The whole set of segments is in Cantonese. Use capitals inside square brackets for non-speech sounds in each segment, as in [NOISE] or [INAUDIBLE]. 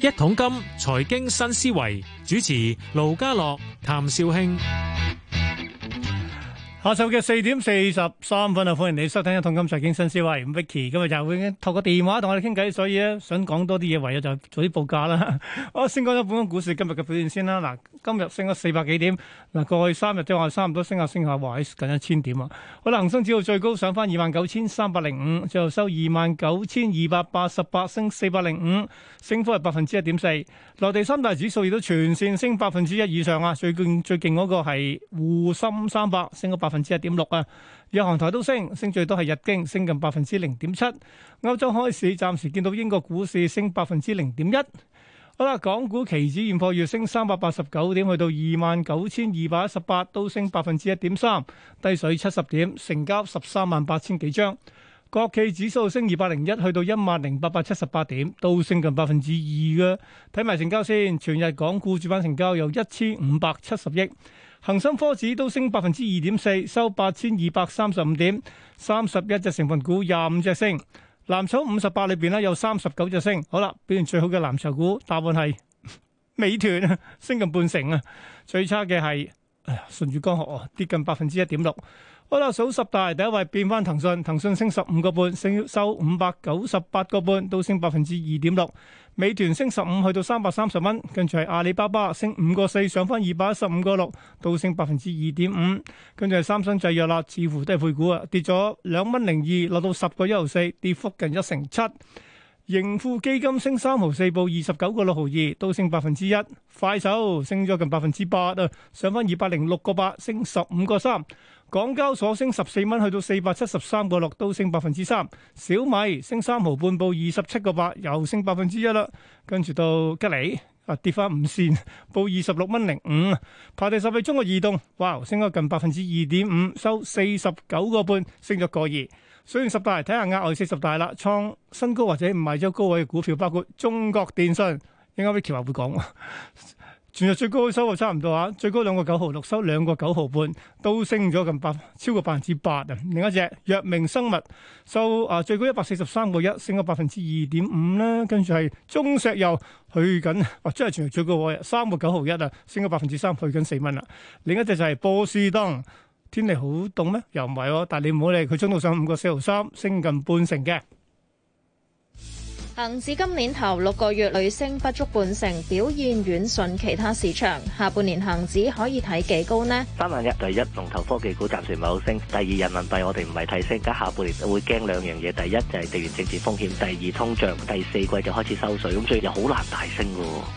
一桶金財經新思維，主持盧家樂、譚紹興。下晝嘅四點四十三分啊，歡迎你收聽《一桶金財經新思維》。Vicky 今日就會透過電話同我哋傾偈，所以咧想講多啲嘢，唯有就做啲報價啦。好， [LAUGHS] 先講咗本港股市今日嘅表現先啦。嗱，今日升咗四百幾點。嗱，過去三日即係話差唔多升下升下，哇，喺近一千點啊。好啦，恒生指數最高上返二萬九千三百零五，最後收二萬九千二百八十八，升四百零五，升幅係百分之一點四。內地三大指數亦都全綫升百分之一以上啊，最勁最勁嗰個係滬深三百，升咗百分之一點六啊！日韓台都升，升最多係日經升近百分之零點七。歐洲開市暫時見到英國股市升百分之零點一。好啦，港股期指現貨月升三百八十九點，去到二萬九千二百一十八，都升百分之一點三，低水七十點，成交十三萬八千幾張。國企指數升二百零一，去到一萬零八百七十八點，都升近百分之二嘅。睇埋成交先，全日港股主板成交有一千五百七十億。恒生科指都升百分之二點四，收八千二百三十五點，三十一隻成分股廿五隻升，藍籌五十八裏邊咧有三十九隻升。好啦，表現最好嘅藍籌股，答案係美團啊，升近半成啊。最差嘅係哎呀，舜宇光學啊，跌近百分之一點六。好啦，數十大第一位變翻騰訊，騰訊升十五個半，收五百九十八個半，都升百分之二點六。美團升十五去到三百三十蚊，跟住係阿里巴巴升五個四上返二百一十五個六，都升百分之二點五。跟住係三生製藥啦，似乎都係配股啊，跌咗兩蚊零二，落到十個一毫四，跌幅近一成七。盈富基金升三毫四，報二十九個六毫二，都升百分之一。快手升咗近百分之八啊，上返二百零六個八，升十五個三。港交所升十四蚊，去到四百七十三個六，都升百分之三。小米升三毫半，報二十七個八，又升百分之一啦。跟住到吉利啊，跌翻五綫，報二十六蚊零五。排第十位中國移動，哇，升咗近百分之二點五，收四十九個半，升咗個二。雖然十大嚟睇下，看看額外四十大啦，創新高或者唔賣咗高位嘅股票，包括中國電信，應該 Vicky 話會講。全日最高嘅收貨差唔多啊，最高兩個九毫六收兩個九毫半，都升咗近百，超過百分之八啊！另一隻藥明生物收啊，最高一百四十三個一，升咗百分之二點五啦。跟住係中石油去緊，哇、啊！真係全日最高喎，三個九毫一啊，升咗百分之三，去緊四蚊啦。另一隻就係波司登，天氣好凍咩？又唔係哦，但係你唔好理佢，衝到上五個四毫三，升近半成嘅。恒指今年頭六個月累升不足半成，表現遠遜其他市場。下半年恒指可以睇幾高呢？三萬一。第一，龍頭科技股暫時唔係好升。第二，人民幣我哋唔係提升。加下半年會驚兩樣嘢，第一就係、是、地緣政治風險，第二通脹。第四季就開始收水，咁所以就好難大升。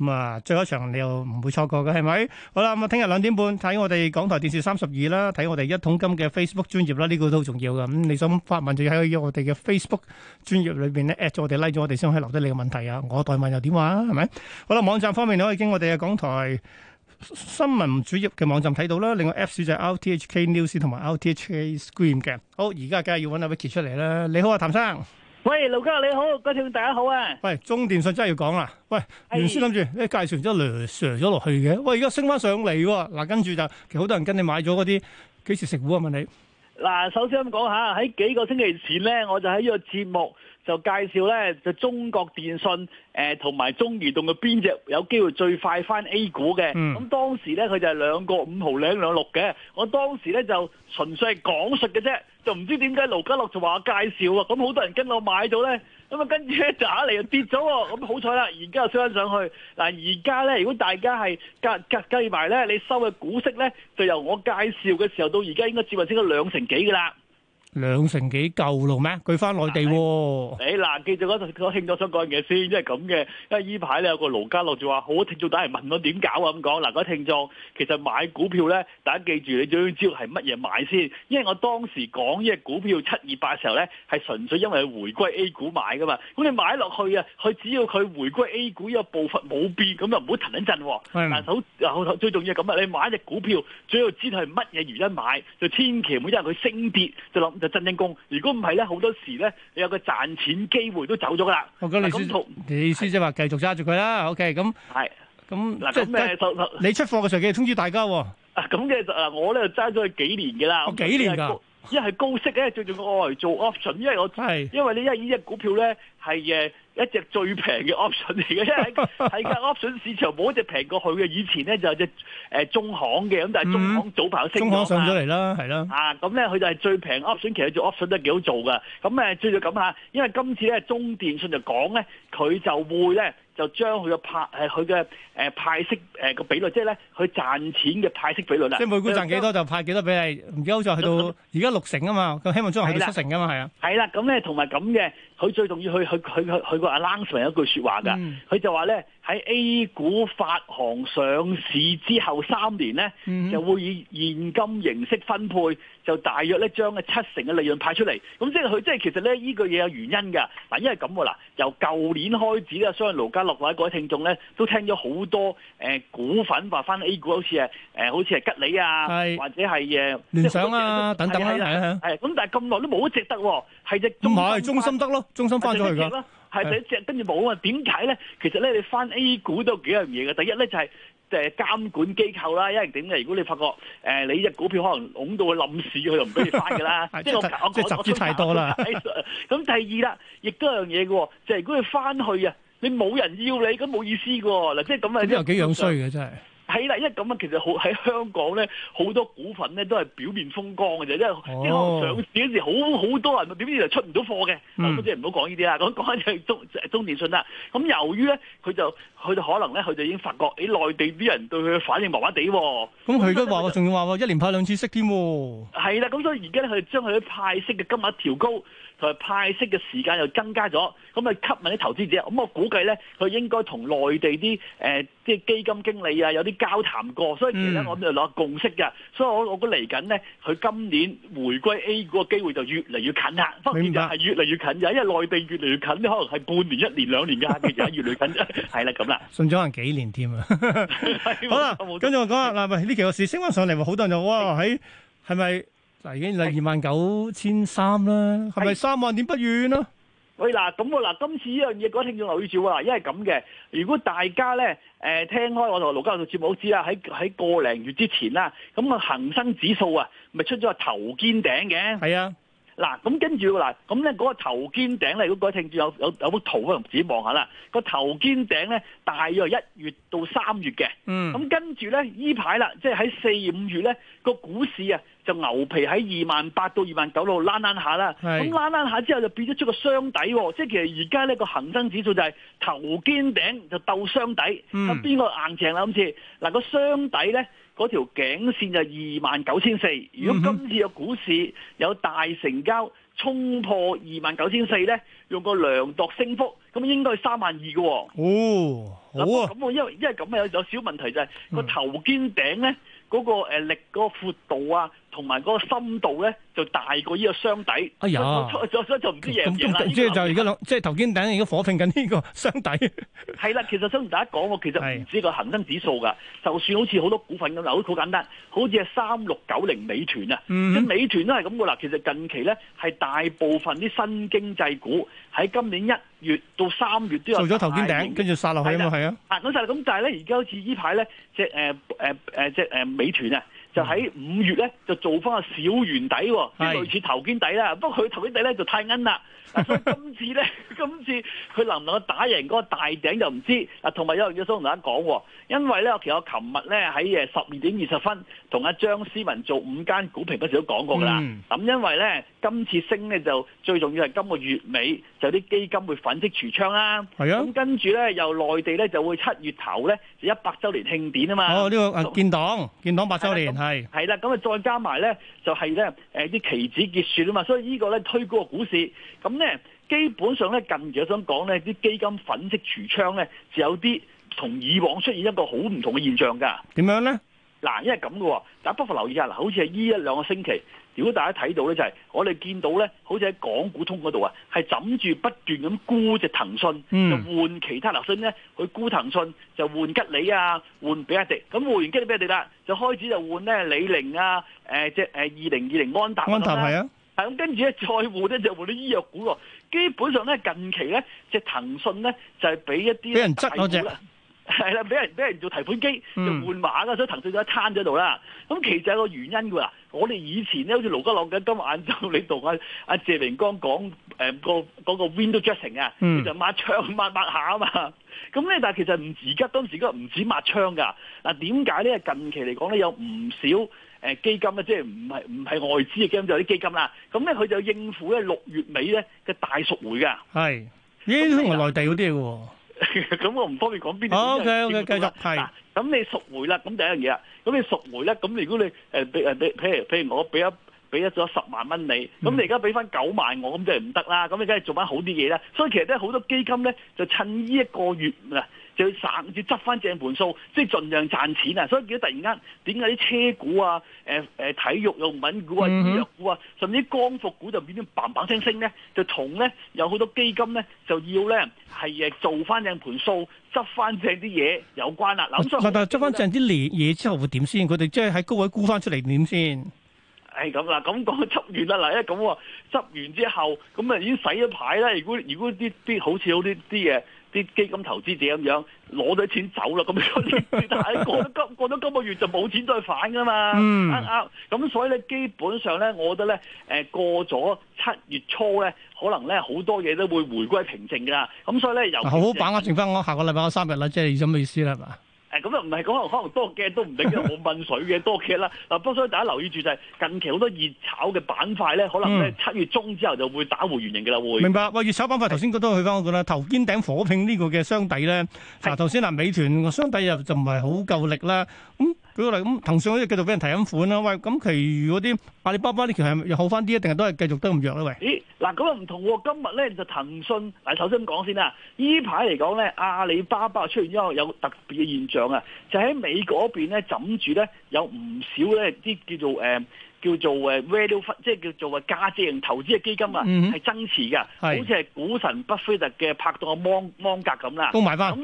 咁啊，最後一場你又唔會錯過嘅係咪？好啦，咁啊，聽日兩點半睇我哋港台電視三十二啦，睇我哋一桶金嘅 Facebook 專頁啦，呢、這個都好重要嘅。咁、嗯、你想發問，就要喺我哋嘅 Facebook 專頁裏邊咧 at 咗我哋，拉、like、咗我哋先可以留低你嘅問題啊。我代問又點話啊？係咪？好啦，網站方面你可以經我哋嘅港台新聞主頁嘅網站睇到啦。另外 Apps 就係 RTHK News 同埋 RTHK Screen 嘅。好，而家梗係要揾阿 Vicky 出嚟啦。你好啊，譚生。喂，盧吉你好，各位朋友大家好啊！喂，中電信真係要講啦，喂，原先諗住呢，介紹完之後，削咗落去嘅，喂，而家升翻上嚟嗱、啊，跟住就其實好多人跟你買咗嗰啲幾時食糊啊？問你嗱、啊，首先咁講下喺幾個星期前咧，我就喺呢個節目。就介紹呢，就中國電信誒同埋中移動嘅邊隻有機會最快翻 A 股嘅。咁、嗯、當時呢，佢就係兩個五毫兩兩六嘅。我當時呢，就純粹係講述嘅啫，就唔知點解盧嘉樂就話我介紹。咁好多人跟我買到呢，咁啊跟住就下嚟就跌咗。咁好彩啦，而家又升翻上去。嗱，而家呢，如果大家係格格計埋呢，你收嘅股息呢，就由我介紹嘅時候到而家應該接近升咗兩成幾噶啦。兩成幾夠路咩？佢翻內地、哦。誒、哎，嗱、哎啊，記住嗰個聽眾想講嘢先，因為咁嘅，因為依排咧有個盧家樂就話，好多聽眾打嚟問我點搞啊咁講。嗱、那個，嗰啲聽眾其實買股票咧，大家記住，你最要知道係乜嘢買先。因為我當時講呢隻股票七二八嘅時候咧，係純粹因為佢回歸 A 股買噶嘛。咁你買落去啊，佢只要佢回歸 A 股呢個步伐冇變，咁就唔好停一陣。但係好最重要咁啊，你買一隻股票，最要知係乜嘢原因買，就千祈唔好因為佢升跌就諗。就真正攻，如果唔係咧，好多時咧，你有個賺錢機會都走咗噶啦。咁你意思話繼續揸住佢啦。OK，咁係咁嗱，即係你出貨嘅時候，記得通知大家喎。啊，咁嘅就嗱，我咧揸咗佢幾年嘅啦。我幾年㗎，一係高息咧，仲仲攞嚟做 option，因為我因為呢一隻股票咧係誒。一隻最平嘅 option 嚟嘅，因為喺個 option 市場冇一隻平過佢嘅。以前咧就有隻中行嘅，咁但係中行早排升、嗯、中行上咗嚟啦，係啦。啊，咁咧佢就係最平 option，其實做 option 都幾好做㗎。咁誒，最最咁嚇，因為今次咧中電信就講咧，佢就會咧就將佢嘅派佢嘅派息誒個比率，即係咧佢賺錢嘅派息比率啦。即係每股賺幾多就派幾多俾你，唔記得咗去到而家六成啊嘛，希望將來去到七成啊嘛，係啊。係啦，咁咧同埋咁嘅。佢最重要，佢佢佢佢佢個阿朗臣有一句話說話噶，佢就話咧。喺 A 股發行上市之後三年咧，就會以現金形式分配，就大約咧，將嘅七成嘅利潤派出嚟。咁即係佢即係其實咧呢、呢個嘢有原因嘅。嗱，因為咁嗱，由舊年開始咧，相信盧家樂或者各位聽眾咧都聽咗好多誒、呃、股份話翻 A 股，好似誒誒，好似係吉利啊，或者係誒聯想啊等等啦，係啊。係咁，但係咁耐都冇一隻得，係只中唔係中芯得咯，中芯翻咗去噶。係第一隻，跟住冇啊？點解咧？其實咧，你翻 A 股都有幾樣嘢嘅。第一咧就係、是、誒、就是、監管機構啦，因為點解？如果你發覺誒、呃、你隻股票可能擁到佢冧市，佢就唔俾你翻噶啦。 [LAUGHS] 即係我即我講咗出太多啦。咁第二啦，亦都一樣嘢嘅，就係、是、如果你翻去啊，你冇人要你，咁冇意思嘅。嗱， [LAUGHS] 即係咁啊。呢又幾樣衰嘅真係。係啦，因為咁啊，其實好喺香港咧，好多股份咧都係表面風光嘅啫，因為上市嗰時好好多人，點知就出唔到貨嘅。咁所以唔好講呢啲啦。咁講緊就係中中電信啦。咁由於咧，佢就佢就可能咧，佢就已經發覺喺、欸、內地啲人對佢反應麻麻地。咁佢都話，仲要話喎，一連派兩次息添。係啦，咁所以而家咧，佢將佢啲派息嘅金額調高。佢派息嘅時間又增加咗，咁啊吸引啲投資者。咁我估計咧，佢應該同內地啲誒即係基金經理啊有啲交談過。所以其實呢、嗯、我哋就攞個共識嘅，所以我我覺得嚟緊咧，佢今年回歸 A 股嘅機會就越嚟越近嚇。當然就係越嚟越近啫，因為內地越嚟越近，可能係半年、一年、兩年嘅嚇，其實越嚟越近係啦，咁啦。信咗人幾年添啊！ [LAUGHS] 好啦，跟住我講下，嗱， [LAUGHS] 咪呢幾個事升翻上嚟，咪好多人就哇，喺係咪？已經兩二萬九千三啦，係、啊、咪三萬點不遠咯、啊？喂，嗱咁啊，嗱今次呢樣嘢，各位聽眾留意住喎。因一係咁嘅，如果大家咧誒、呃、聽開我同盧家樂做節目，都知啦。喺喺個零月之前啦，咁個恒生指數啊，咪出咗、啊啊個頭肩頂嘅係啊。嗱，咁跟住嗱，咁咧嗰個頭肩頂咧，如果各位聽眾有有有幅圖啊，自己望下啦。個頭肩頂咧大約一月到三月嘅，嗯，咁跟住咧依排啦，即係喺四五月咧個股市啊，就牛皮喺二萬八到二萬九度攣攣下啦，咁攣攣下之後就變咗出個雙底、哦、底，即係其實而家呢個恒生指數就係頭肩頂就鬥雙底，咁邊個硬淨啦今次？嗱、那個雙底呢，嗰條頸線就二萬九千四，如果今次個股市有大成交沖破二萬九千四呢，用個量度升幅，咁應該係三萬二嘅。哦，咁、啊、因為因為咁有小問題就係、是、個頭肩頂呢，嗰、那個誒、呃、力、那個闊度啊。同埋嗰個深度咧，就大過呢個箱底。哎呀， [LAUGHS] 就唔知嘢咁。即係就而家即係頭肩頂而家火拼緊呢個箱底。係啦，其實想同大家講我其實唔止個恒生指數噶。就算好似好多股份咁啦，都好簡單，好似係三六九零美團啊。嗯，咁美團都係咁噶啦。其實近期咧，係大部分啲新經濟股喺今年一月到三月都有做咗頭肩頂，跟住殺落去咯，係、 [LAUGHS] 呃呃、啊。啊，老實啦，咁但係咧，而家好似呢排咧，隻誒誒美團啊。就喺五月咧，就做翻個小圓底、哦，即類似頭肩底啦。不過佢頭肩底咧就太奀啦。啊、所以今次咧， [LAUGHS] 今次佢能唔能夠打贏嗰個大頂就唔知。啊，同埋有樣嘢想同大家講，因為咧，其實我琴日咧喺誒十二點二十分同阿、啊、張思文做五間股評嗰時都講過噶啦。咁、嗯啊、因為咧，今次升咧就最重要係今個月尾就啲基金會粉飾櫥窗啦。係啊。咁、啊啊、跟住咧，由內地咧就會七月頭咧就一百週年慶典啊嘛。哦，呢、這個、嗯、建黨，建黨百週年。係係啦，咁啊再加埋咧，就係咧誒啲期指結算啊嘛，所以呢個咧推高個股市，咁咧基本上咧近期我想講咧啲基金粉飾櫥窗咧，就有啲同以往出現一個好唔同嘅現象噶。點樣咧？嗱，因為咁嘅，大家不妨留意下嗱，好似係呢一兩個星期。如果大家睇到咧，就係、是、我哋見到咧，好似喺港股通嗰度啊，係枕住不斷咁沽隻騰訊，就換其他立訊咧，去沽騰訊就換吉利啊，換比亞迪，咁換完吉利比亞迪啦，就開始就換咧李寧啊，即係二零二零安踏。安踏係啊，咁、嗯、跟住咧再換咧就換啲醫藥股喎。基本上咧近期咧隻騰訊咧就係俾一啲俾人執嗰係 [LAUGHS] 啦，俾人俾人做提款機，就換馬噶，所以騰訊就一攤咗度啦。咁其實有個原因喎，我哋以前咧，好似盧家朗咁，今日晏晝你同阿阿謝明光講，誒個嗰個 window dressing 啊，就抹窗抹抹下啊嘛。咁咧，但係其實唔而家當時嗰唔止抹窗噶。嗱點解咧？近期嚟講咧，有唔少誒、呃、基金咧，即係唔係唔係外資嘅基金，就啲、是、基金啦。咁咧佢就應付咧六月尾咧嘅大贖回啊。係，應該係內地嗰啲嘅喎。咁 [LAUGHS] 我唔方便講邊啲基金 OK 咁、okay, okay, 啊、你贖回啦，咁第一樣嘢啊。咁你贖回啦，咁如果你誒俾誒俾譬如譬如我俾一俾一咗十萬蚊你，咁你而家俾翻九萬我，咁即係唔得啦。咁你梗係做翻好啲嘢啦。所以其實好多基金咧，就趁呢一個月啊要省要執翻正盤數，即係盡量賺錢啊！所以記得突然間點解啲車股啊、誒、欸、誒、欸、體育用品股啊、醫藥股啊，甚至光伏股就變咗嘭嘭聲升咧，就同咧有好多基金咧就要咧係誒做翻正盤數，執翻正啲嘢有關啦。扭出，但係執翻正啲嘢之後會點先？佢哋即係喺高位沽翻出嚟點先？係咁啦，咁講執完啦，嗱，一咁喎，執完之後，咁啊已經洗咗牌啦。如果如果啲啲好似啲啲嘢，啲基金投資者咁樣攞咗錢走啦，咁樣但係過咗 [LAUGHS] 今過咗今個月就冇錢再反噶嘛。啱唔啱？咁所以咧，基本上咧，我覺得咧，誒過咗七月初咧，可能咧好多嘢都會回歸平靜噶啦。咁所以咧，由好好把握剩翻我下個禮拜我三日啦，即係咁嘅意思啦嘛。誒、欸、咁又唔係，可能可能多嘅都唔定，冇 [LAUGHS] 問水嘅多嘅啦。嗱、啊，不過所以大家留意住就係、是、近期好多熱炒嘅板塊咧，可能咧、嗯、七月中之後就會打回原形嘅啦。會明白？喂、啊，熱炒板塊頭先都去翻我個啦，頭肩頂火拼呢個嘅雙底咧。嗱，頭先嗱美團個雙底又就唔係好夠力啦。嗯咁騰訊可以繼續俾人提咁款啦，喂咁，其餘嗰啲阿里巴巴呢條係咪又好翻啲啊？定係都係繼續都咁弱咧？喂、欸，咦？嗱，咁又唔同喎。今日咧就騰訊，嗱，首先講先啦。依排嚟講咧，阿里巴巴出現咗後有個特別嘅現象啊，就喺、是、美嗰邊咧，枕住咧有唔少咧啲叫做叫做誒 value 即係叫做價值型投資嘅基金啊，係增持㗎，好似係股神巴菲特嘅拍檔芒芒格咁啦，都買翻。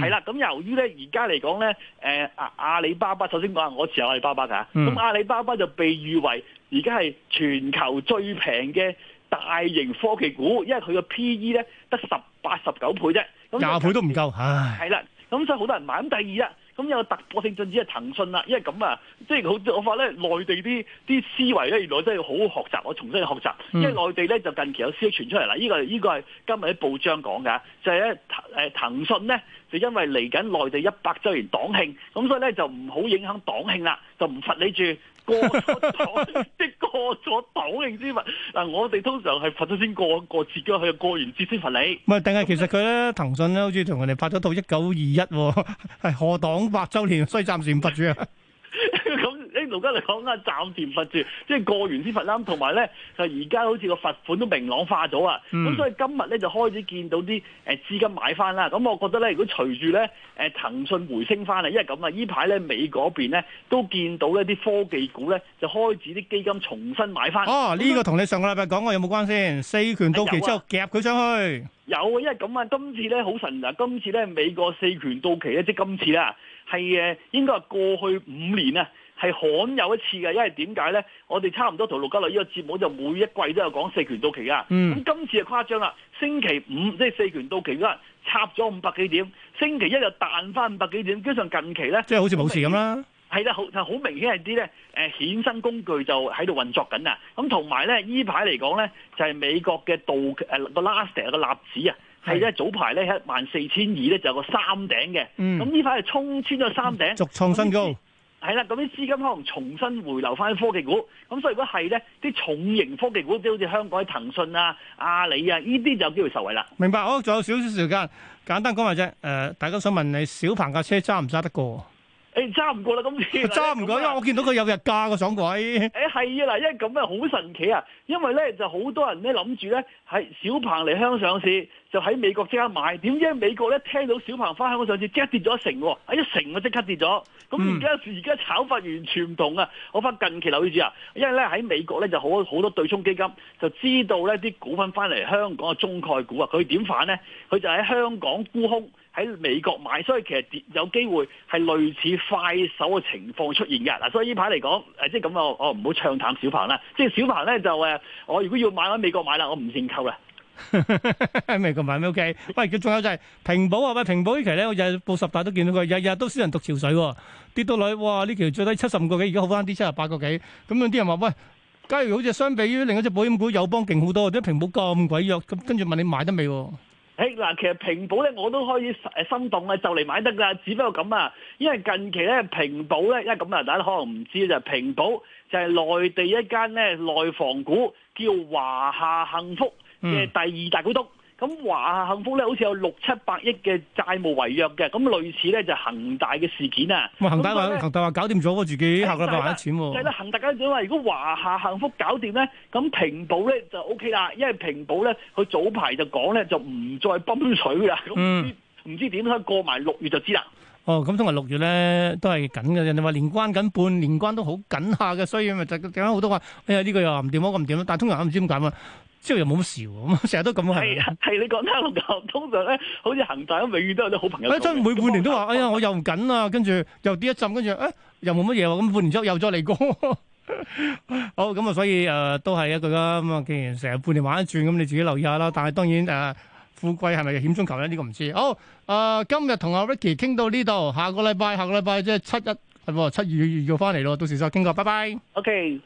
係啦，咁由於咧而家嚟講咧，誒阿阿里巴巴，首先講下，我持有阿里巴巴㗎。咁、嗯、阿里巴巴就被譽為而家係全球最平嘅大型科技股，因為佢個 PE 咧得十八、十九倍啫，廿倍都唔夠。係啦，咁所以好多人買咁第二啊。咁有個突破性進展係騰訊啦，因為咁啊，即係我我發咧，內地啲啲思維咧，原來真係要好好學習，我重新去學習，因為內地咧就近期有消息傳出嚟啦，呢個呢個係今日啲報章講㗎，就係咧誒騰訊咧就因為嚟緊內地一百週年黨慶，咁所以咧就唔好影響黨慶啦，就唔罰你住。 [LAUGHS] 過咗黨，即係過咗黨嘅之物。嗱，我哋通常係罰咗先過過節嘅，佢過完節先罰你。唔係，定係其實佢咧，騰訊咧，好似同人哋拍咗套一九二一，係賀黨百周年，所以暫時唔罰住啊。 [LAUGHS] 道家嚟講啊，暫時唔罰住，即係過完先罰啦。同埋咧，就而家好似個罰款都明朗化咗啊。咁、嗯、所以今日咧就開始見到啲誒資金買翻啦。咁我覺得咧，如果隨住咧誒騰訊回升翻啦，因為咁啊，呢排咧美國嗰邊咧都見到一啲科技股咧就開始啲基金重新買翻。哦，呢、呢個同你上個禮拜講過有冇關先？四權到期之後夾佢上去。有啊，因為咁啊，今次咧好神啊！今次咧美國四權到期咧，即係今次啦，係誒應該話過去五年啊。係罕有一次嘅，因為點解咧？我哋差唔多同陸家樂呢個節目就每一季都有講四權到期㗎。咁、嗯、今次就誇張啦！星期五即係四權到期嗰日，插咗五百幾點，星期一又彈翻五百幾點，加上近期咧，即係好似冇事咁啦。係啦，好就好明顯係啲咧誒衍生工具就喺度運作緊啊！咁同埋咧，呢排嚟講咧，就係、是、美國嘅道誒個 l a s t r 個納指啊，係、嗯、咧早排咧喺萬四千二咧就有個三頂嘅。咁呢排係衝穿咗三頂，續創新高。係啦，咁啲資金可能重新回流翻科技股，咁所以如果係咧，啲重型科技股，即好似香港嘅騰訊啊、阿里啊，呢啲就有機會受惠啦。明白，我、哦、仲有少少時間，簡單講下啫。誒、呃，大家想問你，小鵬架車揸唔揸得過？誒、哎，揸唔過啦，咁揸唔過，因為我見到佢有日價個爽鬼。誒、哎，係啊，嗱，因為咁樣好神奇啊，因為咧，就好多人咧諗住咧，喺小鵬嚟香港上市，就喺美國即刻買。點知喺美國咧，聽到小鵬翻香港上市，即刻跌咗一成，喎，一成啊，即刻跌咗。咁而家而家炒法完全唔同啊！我翻近期留意住啊，因為咧喺美國咧就好好多對沖基金，就知道咧啲股份翻嚟香港嘅中概股啊，佢點反咧？佢就喺香港沽空。喺美國買，所以其實有機會係類似快手嘅情況出現嘅嗱。所以呢排嚟講，誒即係咁啊，我唔好唱淡小鵬啦。即係小鵬咧就誒，我如果要買喺美國買啦，我唔認購啦。喺 [LAUGHS] 美國買 OK。喂，仲有就係平保啊！喂，平保，平保期呢期咧，我日報十大都見到佢，日日都少人讀潮水喎、哦，跌到女，哇！呢期最低七十五個幾，而家好翻啲七十八個幾。咁有啲人話：喂，假如好似相比於另一隻保險股友邦勁好多，點解平保咁鬼弱？咁跟住問你買得未？嗱，其實平保咧，我都開始誒心動啦，就嚟買得啦，只不過咁啊，因為近期咧，平保咧，因為咁啊，大家可能唔知就，平保就係內地一間咧內房股，叫華夏幸福嘅、即係、第二大股東。嗯咁華夏幸福咧，好似有六七百億嘅債務違約嘅，咁類似咧就恒、是、大嘅事件啊。咁恒大話，恒大話搞掂咗自己，行、哎、得一錢喎、啊。就係、是、恒大家想話，如果華夏幸福搞掂咧，咁平保咧就 O K 啦，因為平保咧佢早排就講咧就唔再泵水啦，唔知唔、嗯、知點樣過埋六月就知啦。哦，咁通常六月咧都係緊嘅，人你話連關緊半年關都好緊下嘅，所以咪就搞好多話，哎呀呢、這個又唔掂，我咁唔掂但係通常唔知點解嘛，之後又冇乜事喎，咁成日都咁係係係你講得，通常咧好似恒大咁，永遠都有啲好朋友。哎就是、每半年都話，哎呀我又唔緊啊，跟住又跌一浸，跟住誒又冇乜嘢咁，半年之後又再嚟過。呵呵好咁啊，所以誒、呃、都係一個咁啊，既然成日半年玩一轉，咁你自己留意下啦。但係當然誒、呃，富貴係咪險中求咧？呢、這個唔知。好、哦。誒、呃，今日同阿 Ricky 傾到呢度，下個禮拜，下個禮拜即係七一，七月要翻嚟咯，到時再傾過，拜拜。OK。